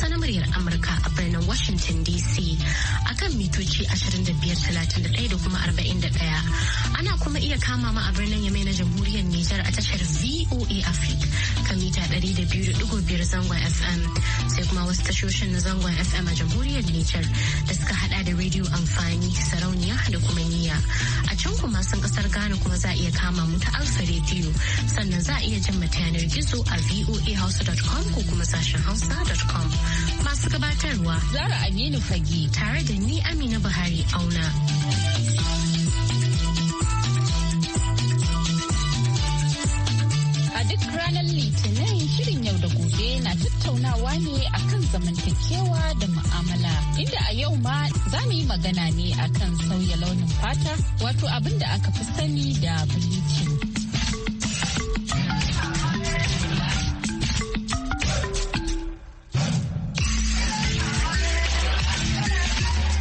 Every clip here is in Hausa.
Hausa na muryar Amurka a birnin Washington DC akan mitoci 2531 da kuma 41. Ana kuma iya kama ma a birnin Yamai na Jamhuriyar Nijar a tashar VOA Africa. 102.5 zangon FM sai kuma wasu tashoshin na zangon FM a jamhuriyar Nijar da suka hada da rediyo amfani sarauniya da kuma niyya. A can kuma sun kasar Ghana kuma za a iya kama mu ta alfa rediyo sannan za a iya jin yanar gizo a voahouse.com ko kuma sashen hausa.com. Masu gabatarwa Zara Aminu Fage tare da ni Amina Buhari auna. tattaunawa ne akan zamantakewa da mu'amala inda a yau ma za mu yi magana ne akan sauya launin fata wato abin da aka fi sani da bleaching.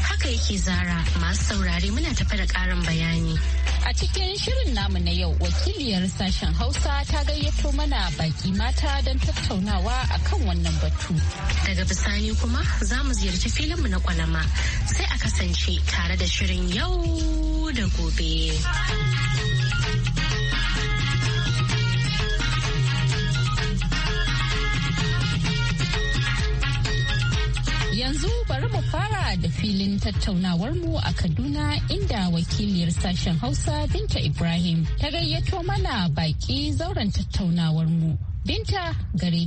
Haka yake zara masu saurare muna tafa da ƙarin bayani. A cikin shirin namu na yau wakiliyar sashen Hausa ta gayyato mana baki mata don tattaunawa a kan wannan batu. Daga bisani kuma za mu ziyarci filinmu na kwalama sai a kasance tare da shirin yau da gobe. yanzu bari mu fara da filin tattaunawar mu a Kaduna inda wakiliyar sashen Hausa Binta Ibrahim ta gayyato mana baki zauren tattaunawar mu Binta gare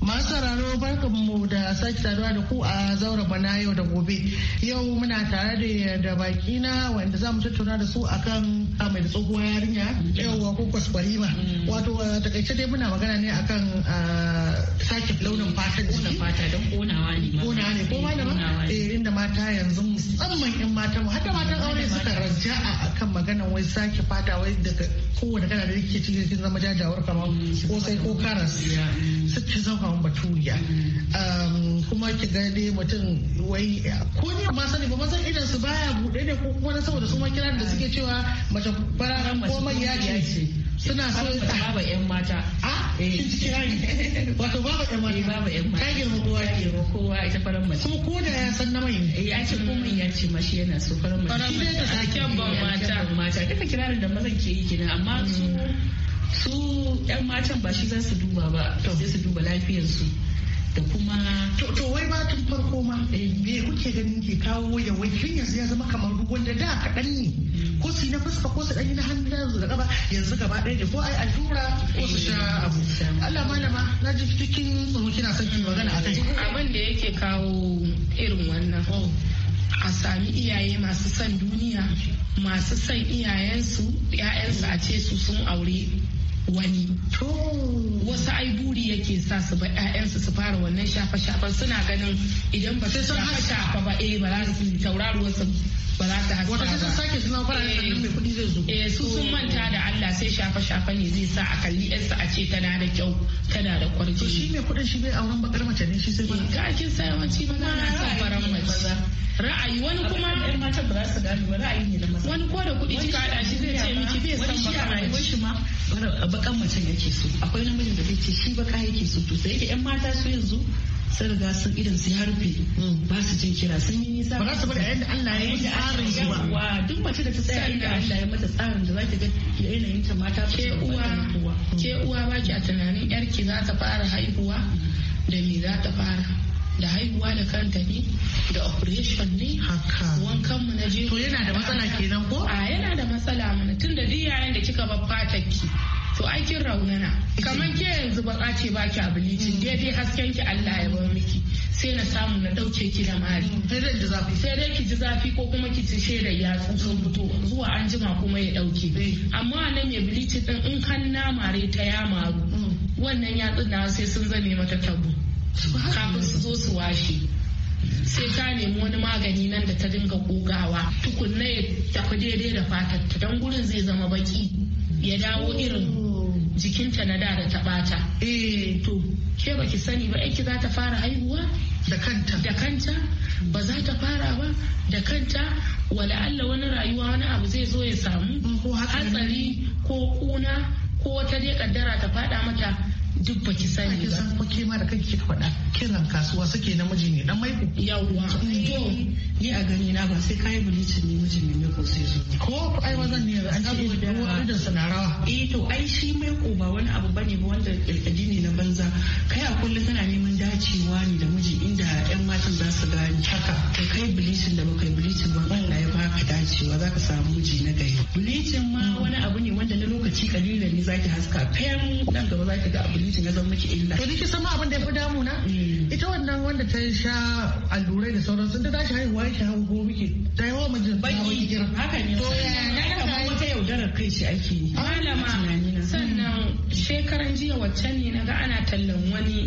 Masu sauraro barkanmu da sake saduwa da ku a zaura bana yau da gobe. Yau muna tare da baki na wanda za mu tattauna da su akan mai tsohuwar yarinya yauwa ko kwaskwariba Wato takaice dai muna magana ne akan sake launin fatan jiki. fata don konawa ne. Konawa ne ko malama? Eh inda mata yanzu musamman in mata mu hatta matan aure suka a akan maganan wai sake fata wai daga kowane kana da yake cikin zama jajawar kamar ko mm. sai ko karas. su ci zama kyakkyawan baturiya kuma ki ga mutum wai ko ne ma sani ba mazan idan su baya buɗe ne ko kuma na saboda su ma kiran da suke cewa mace fara ko mai yaji ce suna so babu yan mata a ah, eh. kirani wato babu yan mata eh, baba yan mata kage mu kowa girma kowa ita fara mace kuma ko da ya san na mai eh ya ko mai ya ce mashi yana so fara mace shi ne ta saken mata mata kika kirarin da mazan ke yi kina. amma su su yan matan ba shi za su duba ba sai su duba lafiyarsu da kuma to wai ba tun farko ma eh, me kuke ganin ke kawo ya wai yanzu ya zama kamar ruwan da da kaɗan ne ko su na fuska ko su ɗanyi na hannu da gaba yanzu gaba ɗaya da ko ai allura ko eh, su sha abu Allah malama na ji cikin tsoro kina son kin magana akai abin da yake kawo irin wannan oh. a sami iyaye masu son duniya masu son iyayensu 'ya'yansu a ce su sun aure wani wasu ai buri yake sa su ba ƴaƴansu su fara wannan shafa shafan suna ganin idan ba su shafa shafa ba eh ba za su tauraruwar su ba za ta haska ba. Wata sun sake suna fara da mai kuɗi zai zo. Eh su sun manta da Allah sai shafa shafa ne zai sa a kalli ƴarsa a ce tana da kyau tana da kwarji. To shi mai kuɗin shi bai auren bakar mace ne shi sai ba. Eh, Ka kin sa yawanci ba na son faran mace. ra'ayi wani kuma ɗan matan ba za su gane ba ra'ayi ne na maza wani ko da kuɗi kika hada shi zai ce miki bai san ba rayuwar shi ma bakan mutum yake so akwai namijin da zai ce shi baka yake so to sai da yan mata su yanzu sun riga sun idan su ya rufe ba su jin kira sun yi nisa ba su bada yadda Allah ya yi tsarin shi ba wa duk mace da ta tsaya inda Allah ya mata tsarin da za ta ga yanayin ta mata ke uwa ke uwa ba ki a tunanin yarki za ta fara haihuwa da me za ta fara da haihuwa da kanta ne da operation ne haka wankan mu na je to yana da matsala kenan ko a yana da matsala mana tun da duk da kika bar fatar ki to aikin raunana kamar ke yanzu ba ce ba ki abilicin daidai hasken ki Allah ya bar miki sai na samu na dauke ki da mari sai dai ki ji zafi ko kuma ki ci shaidar ya sun fito zuwa an jima kuma ya dauke eh. amma nan ya bilici din in kan na mare ta ya maru mm. wannan yatsun na sai sun zame mata tabu kafin su zo su washe sai ta nemi wani magani nan da ta dinga kogawa tukunna ya tafi daidai da fatar ta don gurin zai zama baki ya dawo irin jikinta na da da ta bata eh to ke baki sani ba ki za ta fara haihuwa da kanta da kanta ba za ta fara ba da kanta wala Allah wani rayuwa wani abu zai zo ya samu mm, ko hatsari ko kuna ko wata dai kaddara ta fada mata duk baki sani ba san ko ke ma da kanki kika faɗa kiran kasuwa sake namiji ne dan maiko yawwa to ni a gani na ba sai kai bulicin ne miji ne ko sai zo ko ai mazan ne an da idan suna rawa eh to ai shi mai ba wani abu bane ba wanda kirkadi ne na banza kai a kullum tana neman dacewa ne da miji inda yan matan za su gani haka to kai bilicin da baka yi bilicin ba Allah ya baka dacewa za ka samu miji na gari bilicin ma wani abu ne wanda na lokaci kalilan ne zaki haska fayan nan gaba zaki ga bilicin ya zama miki illa to dike sama abin da ya fi damu damuna eh. ita wannan wanda ta sha allurai da sauransu ta tashi haihuwa ya hau ko muke ta yawa mijin baki haka ne to ya kamar wata yaudarar kai shi ake malama sannan shekaran jiya waccan ne naga ana tallan wani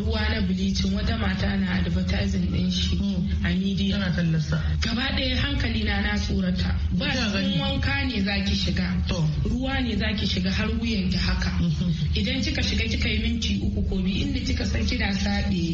ruwa na bilicin wata mata na advertising din shi hmm. a media gaba ɗaya hankali na na tsorata ba sun wanka ne zaki shiga ruwa ne zaki shiga har wuyan ki haka hmm, hmm, idan kika shiga kika yi minti uku ko biyu inda kika san kina saɓe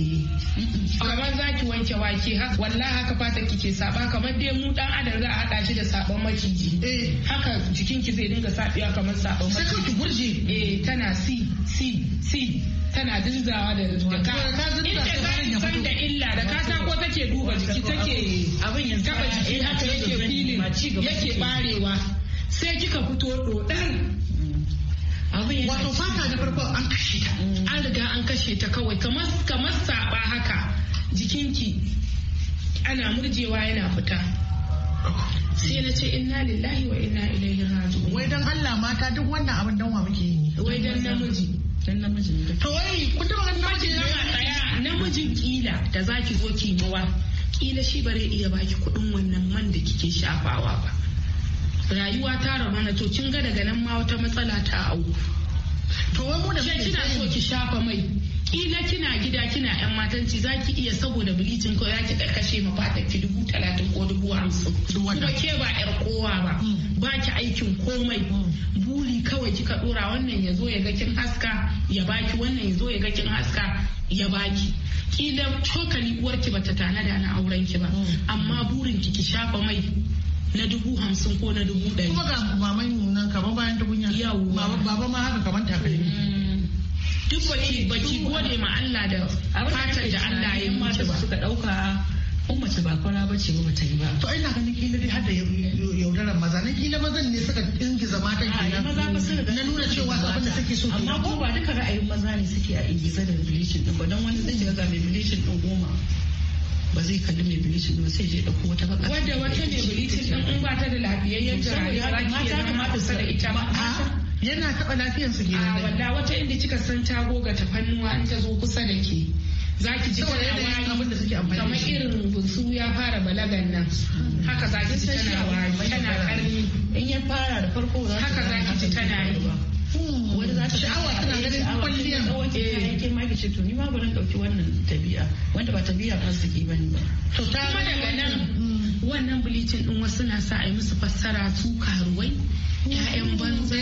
kamar zaki wanke wake haka wallahi haka fata kike saba kamar dai mu dan adam za a hada shi da sabon maciji eh. haka jikin ki zai dinga sabiya kamar sabon maciji waje eh tana si si si tana dirzawa da ka inda ka san da illa da ka san ko take duba jiki take abin yanzu taba jiki eh, haka yake filin yake barewa sai kika fito dodan wato fata da farko an kashe ta mm. an riga an kashe ta kawai kamar kamar saba haka jikinki ana murjewa yana fita sai na ce inna lillahi wa inna ilaihi raji'un wai dan Allah mata duk wannan abin dan wa muke yi wai dan namiji dan namiji ne to wai kun ta ganin namiji ne namijin kila da zaki zo ki mawa kila shi bare iya baki kudin wannan man da kike shafawa ba rayuwa ta rama na to kin ga daga nan ma wata matsala ta au to wai mu da kina so ki shafa mai kila kina gida kina yan matanci za ki iya saboda bilicin ko za ki karkashe ma fatan ki dubu talatin ko dubu hamsin kuma ke ba yar kowa ba mm. ba ki aikin komai mm. buri kawai kika dora wannan ya zo ya ga kin haska ya baki wannan ya zo ya ga kin haska ya baki kila cokali uwarki bata tanada na auren ki ba mm. amma burin ki ki shafa mai na dubu hamsin ko na dubu ɗari. Kuma ga mamai nan kamar bayan dubu Yawwa. Baba ma haka kamar takalmi. duk baki baki gode ma Allah da fatar da Allah ya mutu ba suka dauka in mace ba kwara ba ce ba ta yi ba. To ina ganin kila dai hada yaudaran maza na kila mazan ne suka ingiza matan kenan. maza na nuna cewa abin da suke so kenan. Amma ko ba duka ra'ayin maza ne suke a ingiza da bilicin din ba don wani zai ga mai bilicin din goma. ba zai kalli mai bilicin ba sai je dauko wata baka wadda wata ne bilicin din in ba ta da lafiyayyen jarari ya kamata kamata sa da ita ba yana taɓa su gina. A walla wata inda kika san ta goga ta fannuwa in ta zo kusa da ke. za ki ji suke amfani kamar irin busu ya fara balagan nan haka za ki ji kana wani tana karni in ya fara da farko za haka za ki ji kana yi hmm, wani za ta sha'awa tana ganin kwalliyar eh ke ma ki ce to ni ma bari dauki wannan tabi'a wanda ba tabi'a ba su ki bane ba to ta daga nan wannan bilicin din wasu na sa a yi musu fassara su karuwai ya'yan banza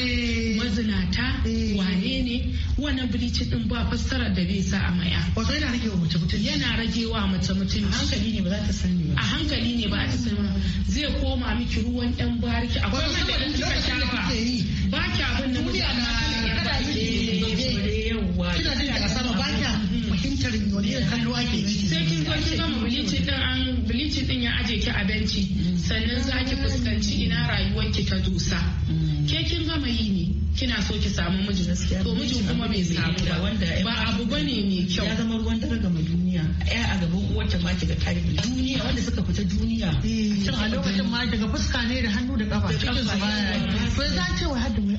mazinata eh. wane ne wannan bilicin din ba fassara da bai sa a maya wato yana rage wa mace mutum yana rage wa mace mutum a hankali ne ba za ta sani ba a hankali ne ba ta sani ba zai koma miki ruwan yan bariki akwai wanda in kika shafa ba ki abin da mutum wani irin kallo ake sai kin zo kin gama bilici din an bilici din ya aje ki a benci sannan za ki fuskanci ina rayuwar ki ta dusa mm. ke kin gama yi ne kina so ki samu miji to miji kuma bai samu ba ba abu bane mai kyau ya zama ruwan dare ga duniya ya a gaban uwarta ma ki ga tarihi duniya wanda suka fita duniya eh, a lokacin ma daga fuska ne da hannu da kafa cikin ba za ce wa hadin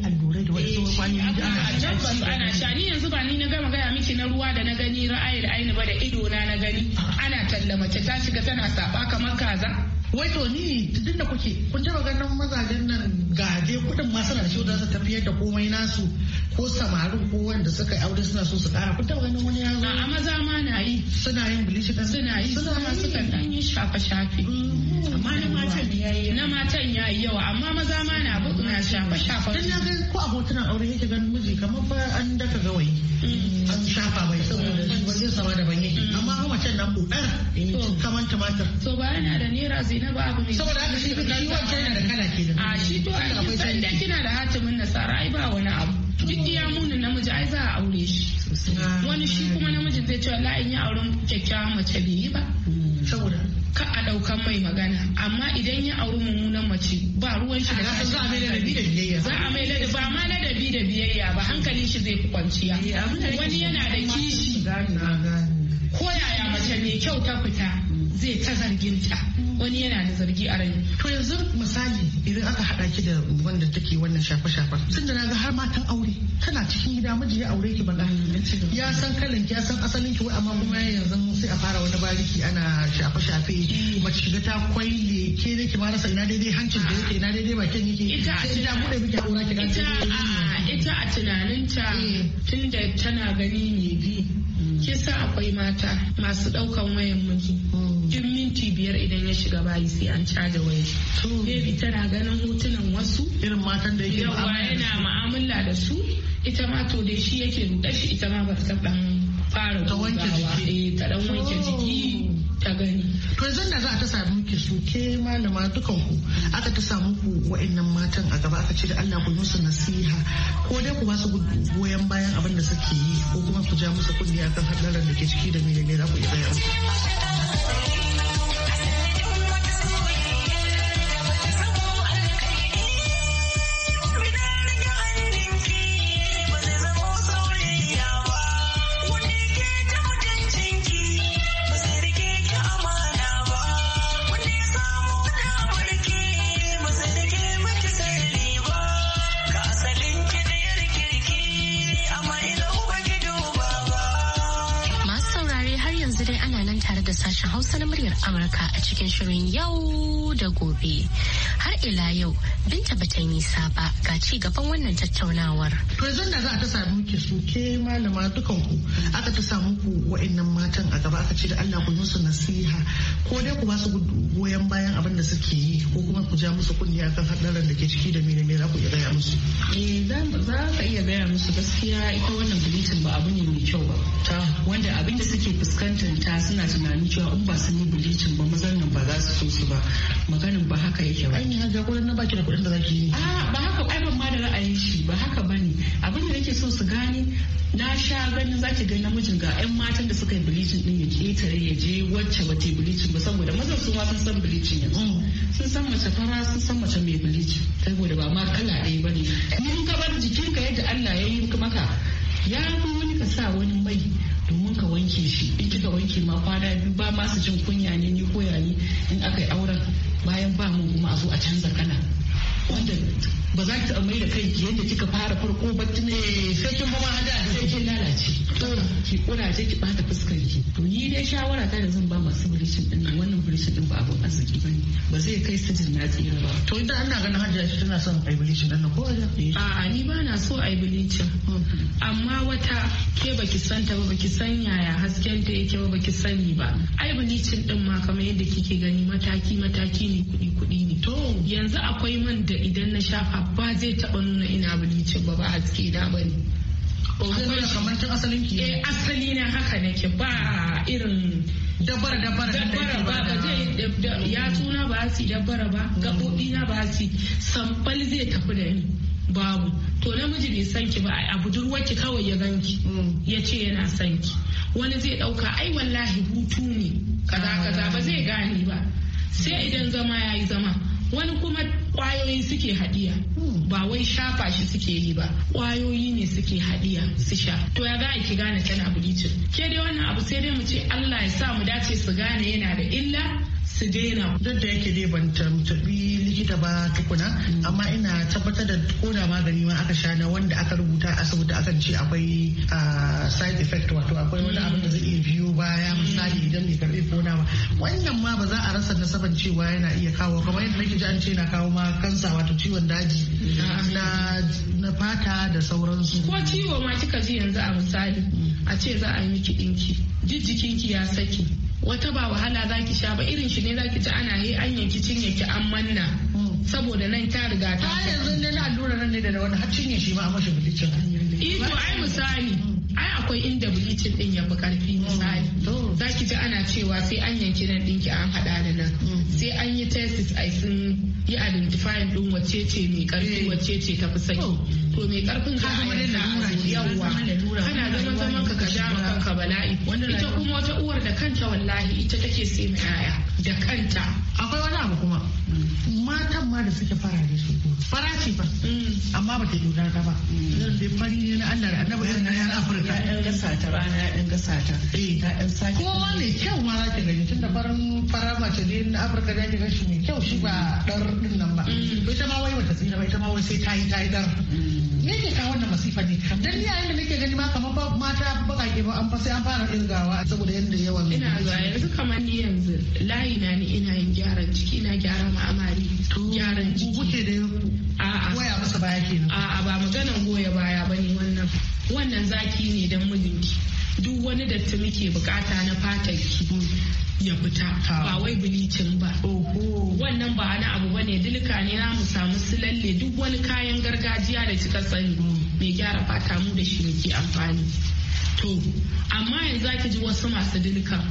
ana sha ni yanzu ba ni na gama gaya miki na ruwa da na gani ra'ayin aini ba da ido na na gani ana talla mace ta shiga tana saba kamar kaza wai to ni duk da kuke kun taba ganin mazajen nan gaje kudin ma suna shi da su tafiyar da komai nasu ko samarin ko wanda suka aure suna so su kara kun taba ganin wani yazo a maza ma na yi suna yin bilishi suna yi suna suka dan yi shafe shafe mm. amma na matan ya yi na matan ya yi yawa amma maza ma na buɗe na shafa shafa dan na ga ko a hotunan aure yake ganin miji kamar ba an daka gawayi mm. an shafa bai saboda shi wajen sama da banye mm. amma kuma can nan buɗar mm. kamar tumatir to ba yana da naira zainabu abu ne saboda haka shi fi shi wancan yana da kala kenan a shi to a san da kina da hatimin nasara ai ba wani abu duk iya munin namiji ai za a aure shi ah. wani shi kuma namijin zai ce wallahi in yi auren kyakkyawan mace bai yi ba saboda ka a ɗaukan mai magana amma idan ya auri mummunan mace ba ruwan shi da za a mai ladabi da biyayya za a mai ladabi ba ma ladabi da biyayya ba hankalin shi zai fi kwanciya eh, wani yana da kishi ko yaya mace mai kyau ta fita zai ta zargin ta wani yana da zargi a rai to yanzu misali idan aka haɗa ki da wanda take wannan shafe-shafen Sun da ga har matan aure tana cikin gida miji ya aure ki bala mm, ya san kalan ki ya san asalin ki wai amma kuma yanzu sai a fara wani bariki ana shafe-shafe mm. mace shiga ta kwaile ke ne ki ma rasa ina daidai hancin da yake ina daidai bakin yake sai ita bude miki aura ki ga ita a tunaninta mm. tun da tana gani ne biyu. kisa akwai mata masu daukan wayan miji duk minti biyar idan ya shiga bayi sai an caja waya baby tana ganin hotunan wasu irin matan da yake yana ma'amala da su ita ma to dai shi yake ruɗa shi ita ma ba ta dan fara ta wanke jiki eh, ta dan wanke jiki ta gani to yanzu da za a ta samu ki su ke malama dukan ku aka ta samu ku wa'annan matan a gaba aka ce da Allah ku musu nasiha ko dai ku ba su goyon bayan abin da suke yi ko kuma ku ja musu kundi akan hadarin da ke ciki da menene za ku yi bayani sashen Hausa na muryar Amurka a cikin shirin yau da gobe. Har ila yau binta bata nisa ba ga ci gaban wannan tattaunawar. To yanzu da za a ta samu ke su ke malama dukan ku aka ta samu ku wa'annan matan a gaba aka ce da Allah ku musu nasiha ko dai ku ba su goyon bayan abin da suke yi ko kuma ku ja musu kunni kan haɗarin da ke ciki da mene mene za ku iya gaya musu. Eh za ka iya gaya musu gaskiya ita wannan bulletin ba abu ne mai kyau ba. Wanda abin da suke ta suna tunanin cewa cewa in ba sun yi bilicin ba mazan nan ba za su so su ba maganin ba haka yake ba. Ainihin haka kuɗin na baki da kudin da za ki yi. A ba haka ai ban ma da ra'ayin shi ba haka ba ne abin da nake so su gani na sha ganin za ki ga namijin ga 'yan matan da suka yi bilicin din ya tare ya je wacce ba ta yi bilicin ba saboda mazan su ma sun san bilicin yanzu. Mm. Sun san mace fara sun san mace mai bilicin saboda ba ma kala ɗaya ba ne. ka bar jikinka yadda Allah ya yi maka ya fi wani ka sa wani mai domin ka wanke shi in kika wanke ma kwana biyu ba masu jin kunya ne ni koya ni in aka yi auren bayan ba kuma a zo a canza kana wanda ba za ta mai da kai ki yadda kika fara farko ba tun eh, sai kin kuma hada sai kin lalace ki kuraje ki bata fuskar ki to ni dai shawara ta da zan ba masu bilishin din wannan bilishin din ba abun arziki bane ba zai kai su na tsira ba to idan ana ganin hajjia shi tana son ai bilishin din ko a ni ba na so ai bilishin mm-hmm. amma wata ke baki santa ba baki san yaya hasken ta yake ba baki sani ba ai bilishin din ma kamar yadda kike gani mataki mataki ne kudi kudi ne to yanzu akwai man da da idan na shafa ba zai taɓa nuna ina bleaching ba ba haske na bane akwai kamar ta asalin ki eh asali na haka nake ba irin dabara dabara dabbara ba ba zai ya tuna ba su dabara ba gabobi na ba su hmm. sampal zai tafi da ni babu to namiji bai san ki ba a budurwarki kawai ya ganki hmm. ya ce yana san ki wani zai dauka ai wallahi hutu ne kaza kaza ba zai gane ba sai hmm. idan zama ya yi zama wani kuma kwayoyi suke hadiya hmm. ba wai shafa shi suke yi ba kwayoyi ne suke hadiya su sha to ya za a ki gane tana bleaching ke dai wannan abu sai dai mu ce Allah ya sa mu dace su gane yana da illa su daina duk da yake dai ban tabi likita ba tukuna hmm. amma ina tabbatar da koda magani ma aka sha na wanda aka rubuta asibiti akan ce akwai side effect wato akwai wani abin da zai iya biyo baya hmm. misali idan mai karbe ko ba wannan ma ba za a rasa nasaban cewa yana iya kawo kamar yadda nake ji an ce na kawo ma kuma kansa wato ciwon daji na fata da sauransu ko ciwo ma kika ji yanzu a misali a ce za a yi miki dinki jijjikinki ya saki wata ba wahala za ki sha ba irin shi ne za ki ci ana yi an yanki cinye ki an manna hmm. saboda nan ta riga ta yanzu ne na allura nan ne da wani har cinye shi ma a mashi bilicin ito eh ai misali hmm. ai akwai inda bilicin din ya fi karfi misali hmm. za ki ji ana cewa sai an yanki nan dinki an hada da nan sai an yi tesis a sun yi identifying din wace ce mai karfi eh. wace ce fi saki to mai karfin ka a yanzu yawwa kana zama zaman ka ka ja kanka bala'i ita kuma wata uwar da kanta wallahi ita take sai mai yaya da kanta akwai wani abu kuma mm. matan ma da suke fara da su fara ba mm. amma ba ta yi da ba Zan mm. da fari ne na Allah da annabi yan na yan Afirka ya yan gasa ta rana ya yan gasa ta eh ta yan sake kowa mai kyau ma za ki gani tunda farin fara mace ne na Afirka da ta gashi mai kyau shi ba dar din nan ba mm. ita ma wai wata tsira ba ita ma wai sai ta yi ta yi dar me ke kawo wannan masifa ne dan ni yi da faɗi ba an fa sai an fara irgawa saboda yadda yawan ina zuwa yanzu kamar ni yanzu layi na ni ina yin gyaran ciki na gyara ma'amari gyaran jiki kuke da yanku a'a goya masa baya kenan a'a ba maganan goya baya bane wannan wannan zaki ne don mijinki duk wani datti muke bukata na fatar ki ya fita ba wai bilicin ba wannan ba wani abu ba ne dilka ne na mu samu silalle duk wani kayan gargajiya da kika sani hmm. mai gyara fata mu da shi muke amfani to amma yanzu zaki ji wasu masu dilka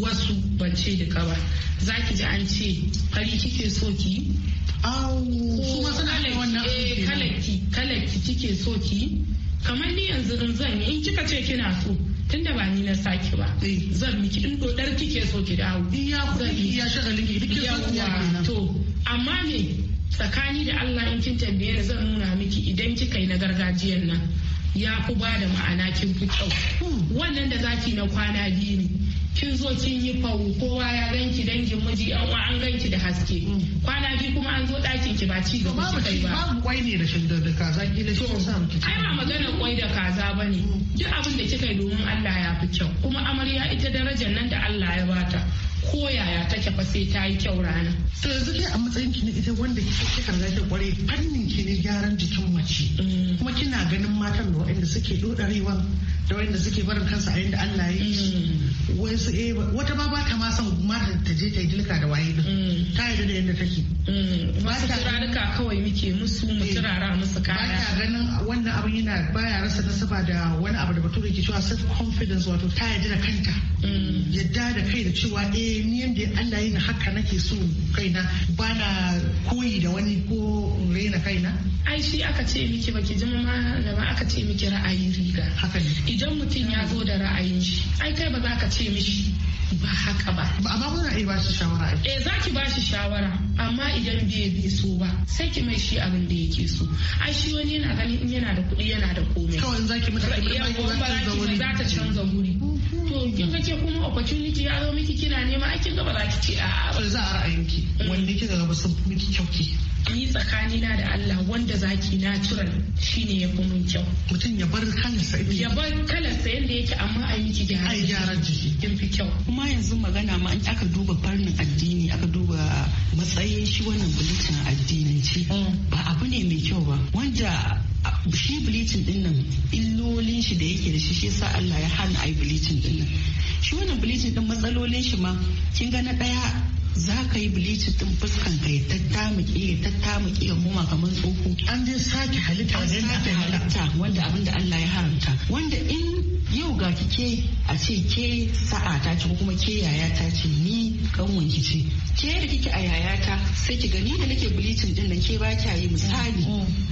wasu bance da kaba za ki ji an ce fari kike so ki kuma suna da wannan eh, kalaki kalaki kike so ki kamar ni yanzu in zan yi in kika ce kina so tunda ba ni na saki ba eh. zan miki in dodar kike so ki dawo ya kuɗi ya shagalin ki duk yawa to amma me tsakani da Allah in kin tambaye zan nuna miki idan kika yi na gargajiyan nan ya fi ba da ma'ana kin fi kyau wannan da zaki na kwana biyu ne kin zo kin yi fawo kowa ya ganki dangin miji an wa an ganki da haske kwana biyu kuma an zo ɗakin ki ba ci gaba ki kai ba babu kwai ne da shindar da kaza ki da shi sa miki ai ba magana kwai da kaza bane duk abin da kika yi domin Allah ya fi kyau kuma amarya ita darajar nan da Allah ya bata ko yaya take fa sai ta yi kyau rana. To yanzu dai a matsayin ki ne ita wanda kika riga ta kware fannin ki ne gyaran jikin mace. Mm. Kuma kina ganin matan da waɗanda suke dodarewa da waɗanda suke barin kansu a yanda Allah ya yi. Wasu mm. eh wata ba ba ta ma son matan ta je ta yi dilka da waye ba. Mm. Ta yi da yanda take. Ba ta turaruka kawai muke musu mu eh. turara musu kaya. Ba ta ganin wannan abin yana baya rasa nasaba da wani abu da bature ke cewa self confidence wato ta yadda da kanta. Yadda da kai da cewa eh eh ni yanda Allah yin haka nake so kaina ba na koyi da wani ko rena kaina ai shi aka ce miki baki ji malama aka ce miki ra'ayin riga haka ne idan mutum ya zo da ra'ayin shi ai kai ba za ka ce mishi ba haka ba ba amma muna iya bashi shawara eh ba bashi shawara amma idan bai bi so ba sai ki mai shi abin da yake so ai shi wani yana gani in yana da kuɗi yana da komai kawai zaki mata kuɗi ba za ta canza wuri to kin ka ce kuma opportunity ya zo miki kina nema a kin ga ba za ki ce a'a ba za a ra'ayinki wanda kika ga ba sun fi miki kyau ki ni tsakanina da Allah wanda zaki natural shine ya fi mun kyau mutum ya bar kalarsa ya bar kalarsa yadda yake amma a yi miki gyara ai gyara jiki kin fi kyau kuma yanzu magana ma aka duba farnin addini aka duba matsayin shi wannan bulletin addinanci mm. ba abu ne mai kyau ba wanda shi bleaching din nan illolin shi da yake da shi shi sa Allah ya hana ai bleaching din nan shi wannan bleaching din matsalolin shi ma kin ga na daya za ka yi bleaching din fuskan ka ya miki ya miki ya koma kamar tsoho an je sake halitta an sake halitta wanda abin da Allah ya haramta wanda in yau ga kike a ce ke sa'a ta ce ko kuma ke yaya ta ce ni kanwan ki ce ke da kike a yayata sai ki gani da nake bilicin din nan ke ba kya yi misali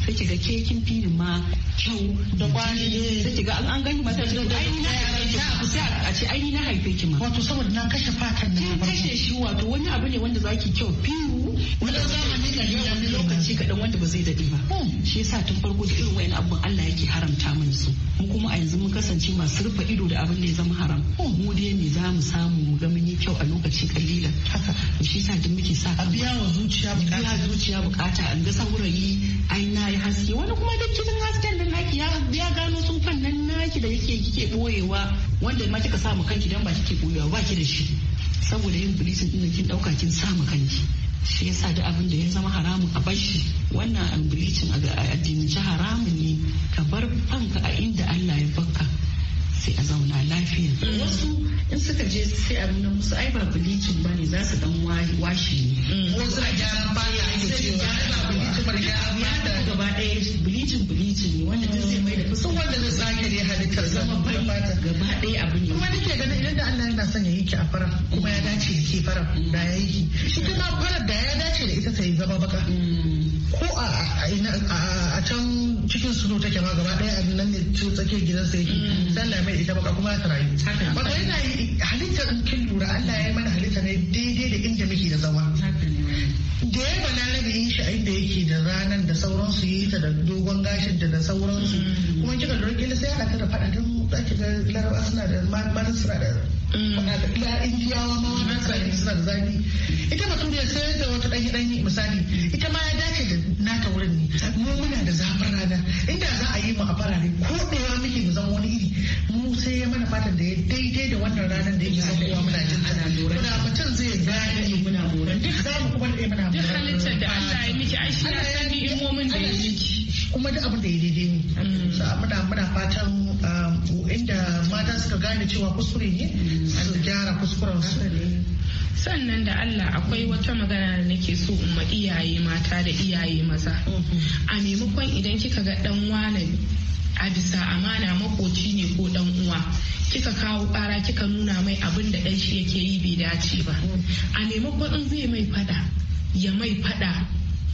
sai ki ga ke kin fi ma kyau da kwani sai ki ga an an gani mata da ai na sai a ce ai na haife ki ma wato saboda na kashe fatan ne kashe shi wato wani abu ne wanda zaki kyau fiyu wani zamani kalilan wani lokaci kaɗan wanda ba zai daɗe ba shi yasa tun farko da irin wayan abin Allah yake haramta mana su mu kuma a yanzu mun kasance masu rufe ido da abin da ya zama haram mu dai me za mu samu mu ga mun yi kyau a lokaci kalilan haka shi yasa duk muke sa a biya wa zuciya bukata biya zuciya bukata an ga saurayi ai na yi haske wani kuma duk cikin hasken da naki ya gano tsufan nan naki da yake kike boyewa wanda ma kika sa mu kanki dan ba kike boyewa ba ki da shi saboda yin bilisin din kin dauka kin sa mu kanki shi yasa duk abin da ya zama haramun a shi wannan ambilicin a addinin haramun ne ka bar fanka a inda Allah ya bakka sai a zauna lafiya wasu in suka je sai a nuna musu ai ba bilicin ba ne za su dan washe ne mm. wasu a gyaran ya ake cewa ya da. gaba ɗaya bilicin bilicin ne wanda duk zai mai da fuska wanda zai sake ne halittar zama bai gaba ɗaya abu ne kuma nake ganin idan da Allah yana son ya yi ki a fara kuma ya dace ki ke fara da ya yi ki Shi mm. kuma fara da ya dace da ita ta yi zama baka mm. ko a can cikin suno take ma gaba ɗaya a nan ne tsakiyar gidansa yake sallah mai ita ba kuma ta rayu wato yana halitta in kin lura Allah ya mana halitta ne daidai da inda muke da zama da ya bana rabe yin shi inda yake da ranar da sauransu yi ta da dogon gashin da da sauransu mm. kuma kika lura kila sai ta da faɗa don ki ga larabawa suna da matan suna da da indiyawa ma wani zani suna da zani ita baturiya sai da wata ɗanyi ɗanyi misali ita ma ya dace da nata wurin ne mu muna da zafin rana inda za a yi mu a farare ko ɗaya muke mu zama wani iri mu sai ya mana fatan da ya daidai da wannan ranar da yake zakowa muna jin ana lura muna mutum zai gane muna lura duk za mu kuma ɗaya muna lura duk halittar da Allah ya miki ai shi ya san ni in ni'imomin da ya miki kuma da abin da ya daidai ne mm. so muna muna fatan um, inda mata suka gane cewa kuskure ne su mm. gyara kuskuren su sannan da Allah akwai wata magana da nake so in ma iyaye mata da iyaye maza mm-hmm. a maimakon idan kika ga dan wani a bisa amana makoci ne ko dan uwa kika kawo kara kika nuna mai abin da dan shi yake yi bai dace ba mm. a maimakon in zai mai fada ya mai fada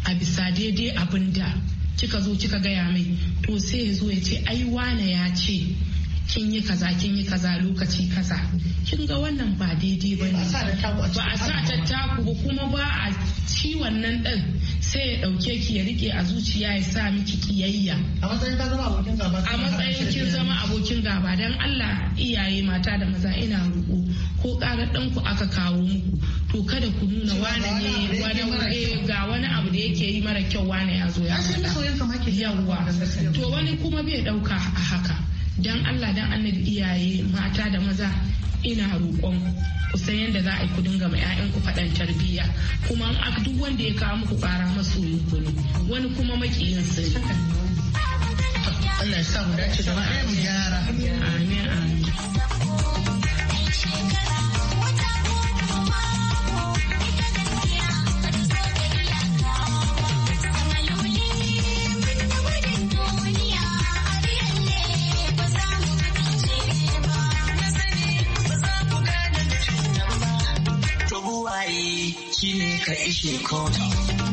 a bisa daidai abin da kika zo kika gaya mai to sai ya zo ya ce ai wane ya ce kin yi kaza kin yi kaza lokaci kaza kin ga wannan ba daidai ba ne ba a sa tattaku ba kuma ba a ci wannan din sai ya dauke ki ya rike a zuciya ya sa miki kiyayya a matsayin zama abokin gaba don dan Allah iyaye mata da maza ina roƙo ko ƙarar ɗanku aka kawo muku to kada ku nuna wane ne wane eh, ga wani abu da yake yi mara kyau wane ya zo ya yawwa to wani kuma bai dauka a haka dan Allah dan annabi iyaye mata da maza ina roƙon ku san yadda za a yi ku dinga ma 'ya'yan ku faɗan tarbiyya kuma duk wanda ya kawo muku ƙara maso ku ne wani kuma makiyin su Allah ya sa mu dace da amin amin Dakota.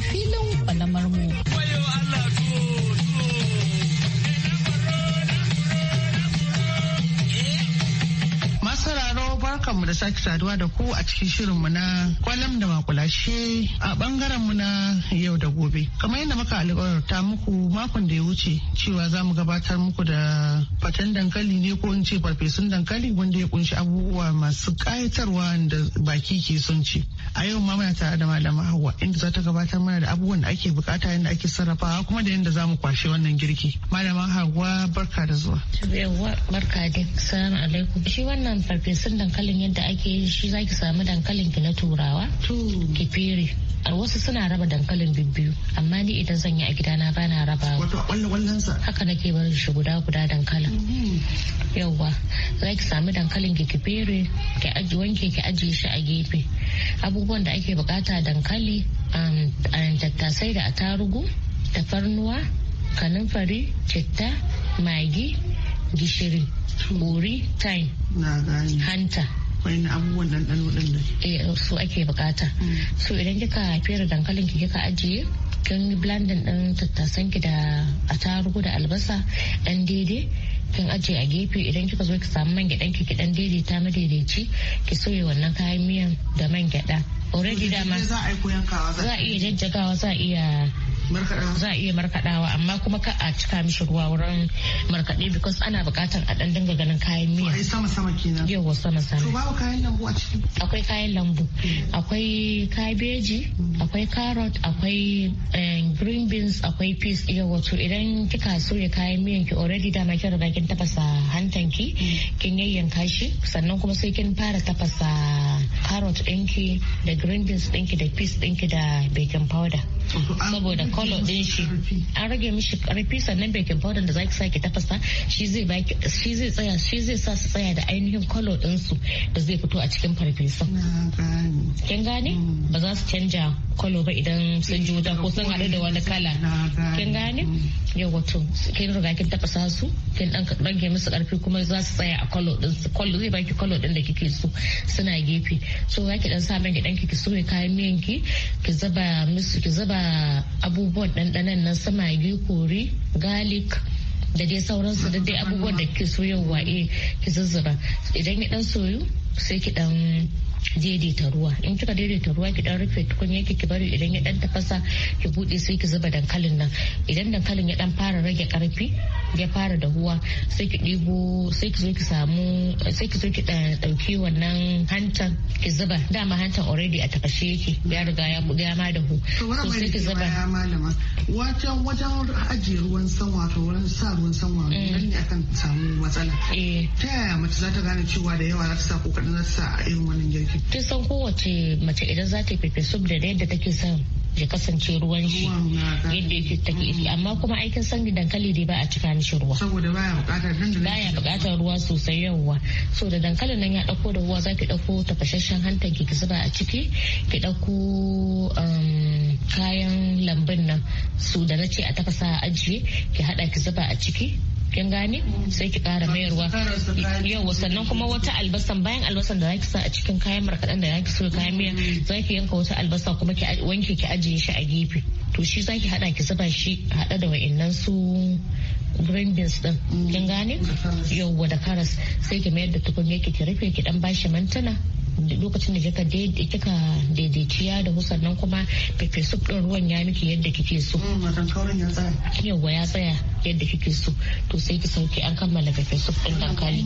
filin da sake saduwa da ku a cikin shirin mu na kwalam da makulashe a bangaren mu na yau da gobe. Kamar yadda muka alƙawarta muku makon da ya wuce cewa za mu gabatar muku da faten dankali ne ko in ce farfesun dankali wanda ya kunshi abubuwa masu ƙayatarwa da baki ke son ci. A yau ma muna tare da malama Hauwa inda za ta gabatar mana da abubuwan da ake bukata yadda ake sarrafawa kuma da yadda za mu kwashe wannan girki. Malama Hauwa barka da zuwa. Yawwa barka alaikum. Shi wannan farfesun dankalin yadda da ake yi shi zaki samu dankalin ki na turawa ki fere a wasu suna raba dankalin bibbiyu amma ni idan zan yi a gidana ba na raba wato wannan wannan sa haka nake barin shi guda guda dankalin mm-hmm. yawwa zaki samu dankalin ki ki fere ki aji wanke ki ajiye shi a gefe abubuwan da ake bukata dankali um, a tattasai da atarugu tafarnuwa kanunfari citta magi gishiri bori time hanta wani abubuwan ɗanɗano ɗin nan. Eh, su ake bukata. Mm. So idan kika fere dankalin ki kika ajiye kin yi blandin ɗin tattasan ki da attarugu da albasa ɗan daidai kin ajiye a gefe idan kika zo ki samu man gyaɗan ki dan daidaita madaidaici ki soya wannan kayan miyan da man gyaɗa. Already dama. Za a iya jajjagawa za a iya za a iya markaɗawa amma kuma ka a cika mishi ruwa wurin markaɗe because ana buƙatar a ɗan dinga ganin kayan miya wai sama sama kenan yawa sama sama to babu kayan lambu a cikin. akwai kayan lambu hmm. akwai kabeji hmm. akwai carrot akwai eh, green beans akwai peas yawa to idan kika soya kayan miyan ki already dama kin riga kin tafasa hantanki hmm. kin yayyanka shi sannan kuma sai kin fara tafasa carrot ɗinki da green beans ɗinki da peas ɗinki da baking powder saboda kolo din shi an rage mishi karfi sannan baking powder da zaki sake tafasa shi zai baki shi zai tsaya shi zai sa su tsaya da ainihin kolo din su da zai fito a cikin farfesa kin gane hmm. ba za su canja kolo ba idan sun ji wuta ko sun haɗu da wani kala kin gane yau wato kin riga kin tafasa su kin dan rage musu karfi kuma za su tsaya a kolo din su kolo zai baki kolo din da kike so suna gefe so zaki dan sa mai dan ki soya kayan miyan ki ki zaba musu ki zaba abubuwan ɗanɗanan na su magi kori garlic da dai sauransu da dai abubuwan da ke soyowa eh ki zuzzura idan ya dan soyu sai ki dan daidaita ruwa in kika daidaita ruwa ki dan rufe tukunya ki bari idan ya dan tafasa ki bude sai ki zuba dankalin nan idan dankalin ya dan fara rage karfi ya fara dahuwa sai ki ɗibo sai ki zo ki samu sai ki zo ki ɗauki wannan hantan ki zuba dama hantan already a takashe yake ya riga ya ya ma dahu to sai ki zuba ya malama wajen wajen ajiye ruwan sanwa to wurin sa ruwan sanwa nan mm. ne akan samu matsala eh. ta yaya mace za ta gane cewa da yawa za ta sa kokarin za ta sa a irin wannan girkin. kin san kowace mace idan za ta fefe sub da yadda take son ya kasance ruwan shi yadda yake take mm. amma kuma aikin san dankali dai ba a cika mishi ruwa saboda baya bukatar nan da baya bukatar ruwa sosai yawa so da dankali nan ya dauko da ruwa za ki dauko tafashashen hantar ki zuba a ciki ki dauko um, kayan lambun nan su da na ce a tafasa a ajiye ki hada ki zuba a ciki kin gane sai ki kara mayarwa yau sannan kuma wata albasan bayan albasan da zaki sa a cikin kayan markaɗan da zaki so kayan miya zaki yanka wata albasa kuma ki wanke ki ajiye shi a gefe to shi zaki hada ki zuba shi haɗa da wa'annan su green beans din kin gane yauwa da karas sai ki mayar da tukunya ki rufe ki dan bashi mantana lokacin da kika kika daidaiciya da nan kuma pepe soup din ruwan ya miki yadda kike so mm, yawa ya tsaya yadda kike so to sai ki sauke an kammala pepe soup din dankali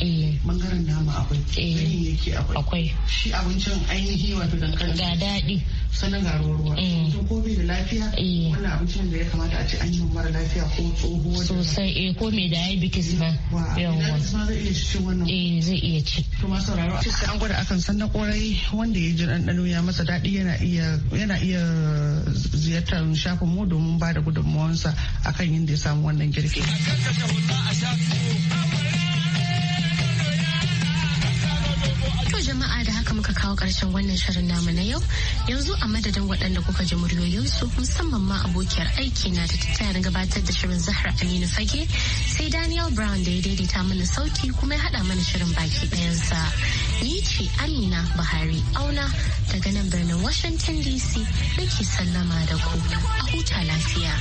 eh bangaren dama akwai eh akwai shi abincin ainihi wato dankali ga daɗi sannan ga ruwa ruwa. Mm. to ko bai da lafiya eh. wannan abincin da ya kamata a ce an yi mara lafiya ko tsohuwa sosai eh ko mai diabetes ma yawa zai iya ci wannan eh zai iya ci to ma sauraro sai an gwada akan san na kwarai wanda ya ji ɗanɗano ya masa daɗi yana iya ziyartar shafin mu domin ba da a akan yinda ya samu wannan girki. jama'a da haka muka kawo ƙarshen wannan shirin namu na yau yanzu a madadin waɗanda kuka ji muryoyinsu musamman ma abokiyar aiki na da tattarin gabatar da shirin zahra aminu fage sai daniel brown da ya daidaita mana sauki kuma ya haɗa mana shirin baki ɗayansa. Ni ce Amina Buhari auna daga nan birnin Washington DC nake sallama da ku. A huta lafiya.